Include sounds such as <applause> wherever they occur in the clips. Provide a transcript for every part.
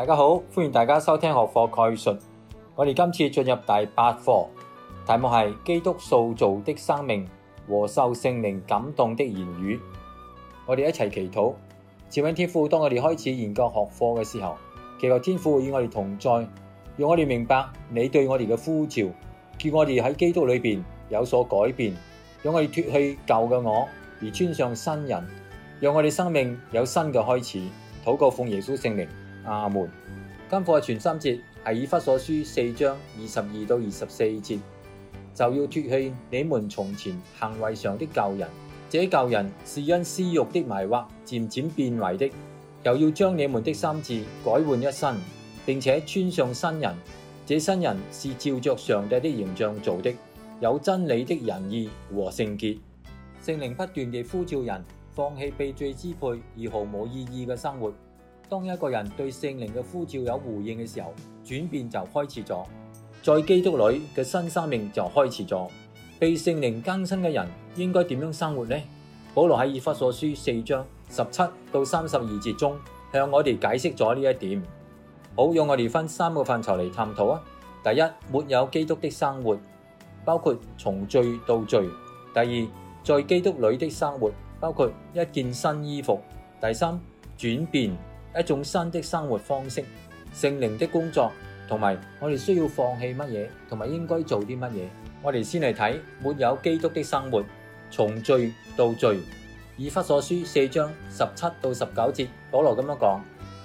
大家好，歡迎大家收聽學課概述。我哋今次進入第八課，題目係基督塑造的生命和受聖靈感動的言語。我哋一齊祈禱，賜我天父。當我哋開始研究學課嘅時候，祈求天父與我哋同在，讓我哋明白你對我哋嘅呼召，叫我哋喺基督裏邊有所改變，讓我哋脫去舊嘅我而穿上新人，讓我哋生命有新嘅開始。禱告奉耶穌聖靈。阿門，今課存心節，係以弗所書四章二十二到二十四節，就要脱去你們從前行為上的舊人，這舊人是因私欲的迷惑漸漸變為的，又要將你們的心志改換一新，並且穿上新人，這新人是照着上帝的形象造的，有真理的仁義和聖潔。聖靈不斷地呼召人放棄被罪支配而毫無意義嘅生活。當一個人對聖靈的呼召有回應的時候,轉變就開始了,在基督裏的新生命就開始了。被聖靈更新的人應該點樣生活呢?保羅在以弗所書四章,十七到三十二節中,向我們解釋了這一點。好,用我們分三個範疇來探討。第一,沒有基督的生活,包括從罪到罪。第二,在基督裏的生活,包括一件新衣服。第三,轉變。一種新的生活方式，聖靈的工作，同埋我哋需要放棄乜嘢，同埋應該做啲乜嘢，我哋先嚟睇沒有基督的生活，從罪到罪。以弗所書四章十七到十九節，保羅咁樣講，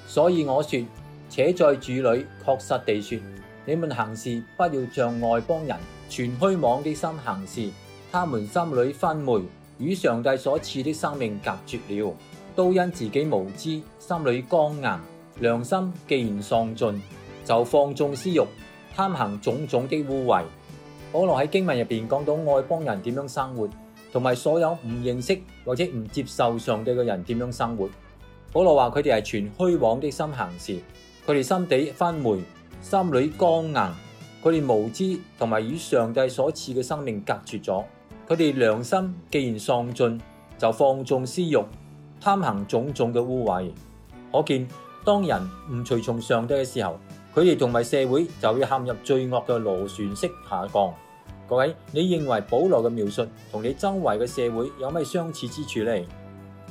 所以我說，且在主裏確實地說，你們行事不要像外邦人，全虛妄的心行事，他們心裏昏昧，與上帝所賜的生命隔絕了。都因自己無知，心裏剛硬，良心既然喪盡，就放縱私欲，貪行種種的污穢。保羅喺經文入邊講到外邦人點樣生活，同埋所有唔認識或者唔接受上帝嘅人點樣生活。保羅話佢哋係全虛妄的心行事，佢哋心地昏昧，心裏剛硬，佢哋無知，同埋與上帝所賜嘅生命隔絕咗。佢哋良心既然喪盡，就放縱私欲。貪行種種嘅污穢，可見當人唔隨從上帝嘅時候，佢哋同埋社會就會陷入罪惡嘅螺旋式下降。各位，你認為保羅嘅描述同你周圍嘅社會有咩相似之處呢？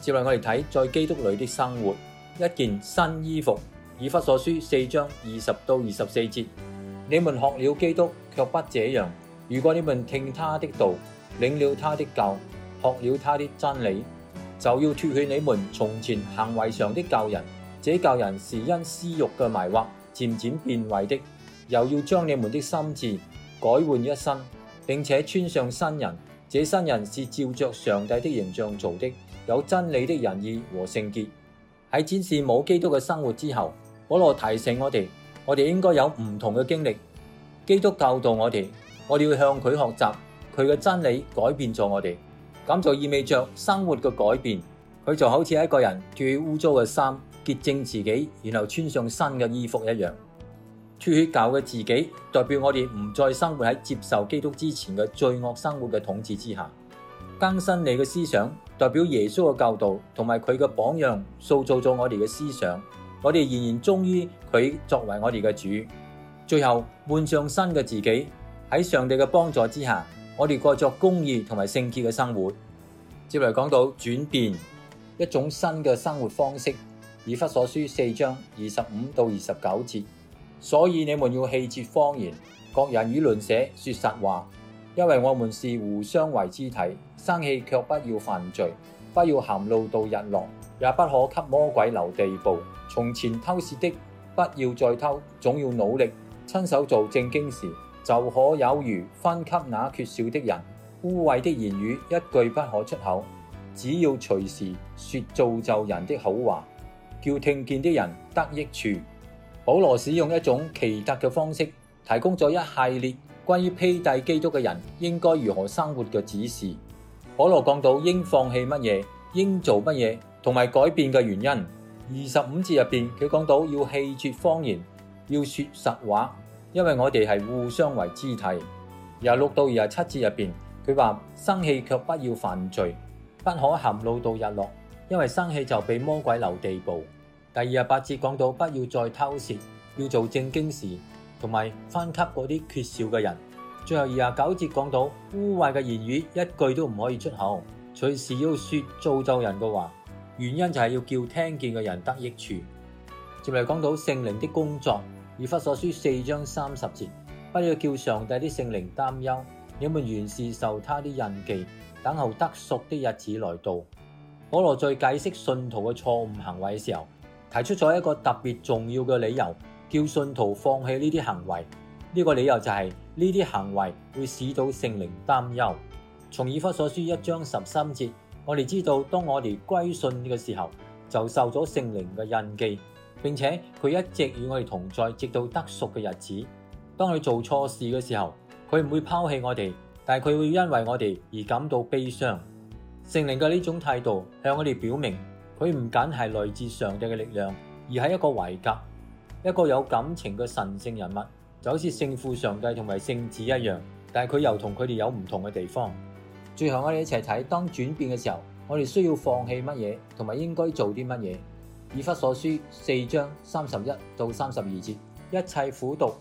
接嚟我哋睇在基督裏的生活一件新衣服，以弗所書四章二十到二十四節。節 <noise> 你們學了基督卻不這樣。如果你們聽他的道，領了他的教，學了他的真理。就要脫去你們從前行為上的舊人，這舊人是因私欲嘅迷惑漸漸變壞的；又要將你們的心志改換一新。並且穿上新人，這新人是照着上帝的形像造的，有真理的仁義和聖潔。喺展示冇基督嘅生活之後，保羅提醒我哋，我哋應該有唔同嘅經歷。基督教導我哋，我哋要向佢學習，佢嘅真理改變咗我哋。咁就意味著生活嘅改變，佢就好似一個人脫去污糟嘅衫，潔淨自己，然後穿上新嘅衣服一樣。脫去舊嘅自己，代表我哋唔再生活喺接受基督之前嘅罪惡生活嘅統治之下。更新你嘅思想，代表耶穌嘅教導同埋佢嘅榜樣塑造咗我哋嘅思想。我哋仍然忠於佢作為我哋嘅主。最後換上新嘅自己，喺上帝嘅幫助之下。我哋過作公義同埋聖潔嘅生活。接嚟講到轉變一種新嘅生活方式，以弗所書四章二十五到二十九節。所以你們要棄絕謊言，各人與鄰舍說實話，因為我們是互相為肢體。生氣卻不要犯罪，不要含怒到日落，也不可給魔鬼留地步。從前偷竊的不要再偷，總要努力親手做正經事。就可有餘分給那缺少的人。污穢的言語一句不可出口，只要隨時說造就人的好話，叫聽見的人得益處。保羅使用一種奇特嘅方式，提供咗一系列關於披戴基督嘅人應該如何生活嘅指示。保羅講到應放棄乜嘢，應做乜嘢，同埋改變嘅原因。二十五節入邊，佢講到要棄絕謊言，要說實話。因為我哋係互相為肢體。廿六到廿七節入邊，佢話生氣卻不要犯罪，不可含怒到日落，因為生氣就被魔鬼留地步。第二十八節講到不要再偷竊，要做正經事，同埋分給嗰啲缺少嘅人。最後廿九節講到污穢嘅言語一句都唔可以出口，隨時要說造就人嘅話，原因就係要叫聽見嘅人得益處。接嚟講到聖靈的工作。以弗所書四章三十節，不要叫上帝啲聖靈擔憂，你們原是受他啲印記，等候得贖的日子來到。保羅在解釋信徒嘅錯誤行為嘅時候，提出咗一個特別重要嘅理由，叫信徒放棄呢啲行為。呢、這個理由就係呢啲行為會使到聖靈擔憂。從以弗所書一章十三節，我哋知道，當我哋歸信嘅時候，就受咗聖靈嘅印記。並且佢一直與我哋同在，直到得贖嘅日子。當佢做錯事嘅時候，佢唔會拋棄我哋，但係佢會因為我哋而感到悲傷。聖靈嘅呢種態度向我哋表明，佢唔僅係來自上帝嘅力量，而係一個位格，一個有感情嘅神聖人物，就好似聖父上帝同埋聖子一樣。但係佢又同佢哋有唔同嘅地方。最後我哋一齊睇，當轉變嘅時候，我哋需要放棄乜嘢，同埋應該做啲乜嘢。以弗所書四章三十一到三十二節，一切苦毒、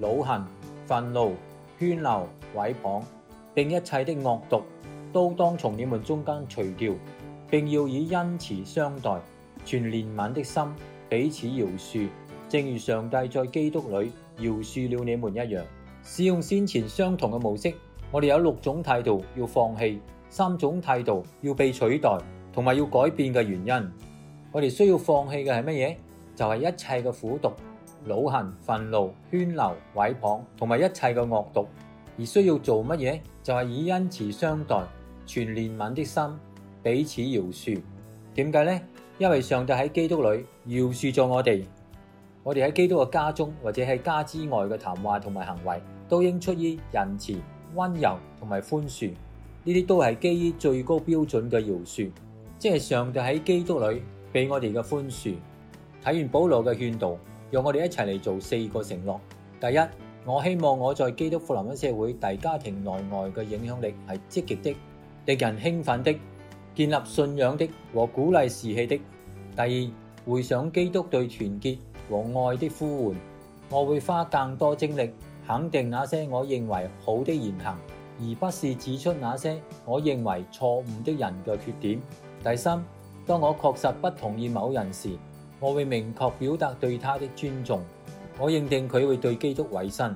惱恨、憤怒、喧鬧、毀謗，並一切的惡毒，都當從你們中間除掉，並要以恩慈相待，全憐憫的心彼此饒恕，正如上帝在基督裏饒恕了你們一樣。使用先前相同嘅模式，我哋有六種態度要放棄，三種態度要被取代，同埋要改變嘅原因。我哋需要放棄嘅係乜嘢？就係、是、一切嘅苦毒、惱恨、憤怒、喧鬧、毀謗，同埋一切嘅惡毒。而需要做乜嘢？就係、是、以恩慈相待，全憐憫的心彼此饒恕。點解呢？因為上帝喺基督裏饒恕咗我哋。我哋喺基督嘅家中，或者喺家之外嘅談話同埋行為，都應出於仁慈、温柔同埋寬恕。呢啲都係基於最高標準嘅饒恕，即係上帝喺基督裏。俾我哋嘅寬恕。睇完保羅嘅勸導，讓我哋一齊嚟做四個承諾。第一，我希望我在基督福音嘅社會，大家庭內外嘅影響力係積極的、令人興奮的、建立信仰的和鼓勵士氣的。第二，回想基督對團結和愛的呼喚，我會花更多精力肯定那些我認為好的言行，而不是指出那些我認為錯誤的人嘅缺點。第三。當我確實不同意某人時，我會明確表達對他的尊重。我認定佢會對基督委身。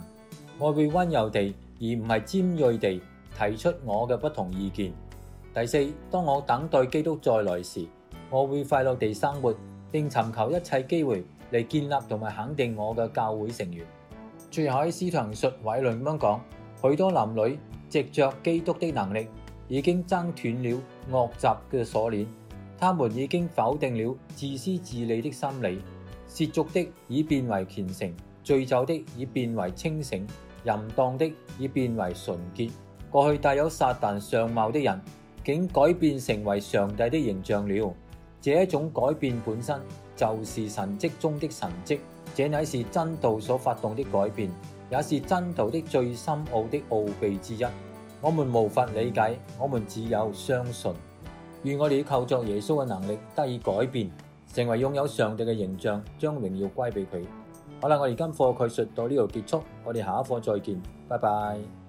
我會温柔地，而唔係尖鋭地提出我嘅不同意見。第四，當我等待基督再來時，我會快樂地生活，並尋求一切機會嚟建立同埋肯定我嘅教會成員。最後喺斯唐述委倫咁樣講，許多男女藉着基督的能力，已經掙斷了惡習嘅鎖鏈。他們已經否定了自私自利的心理，褻瀆的已變為虔誠，醉酒的已變為清醒，淫蕩的已變為純潔。過去帶有撒但相貌的人，竟改變成為上帝的形象了。這種改變本身就是神蹟中的神蹟，這乃是真道所發動的改變，也是真道的最深奧的奧秘之一。我們無法理解，我們只有相信。願我哋要靠著耶穌嘅能力得以改變，成為擁有上帝嘅形象，將榮耀歸俾佢。好啦，我而家課講述到呢度結束，我哋下一課再見，拜拜。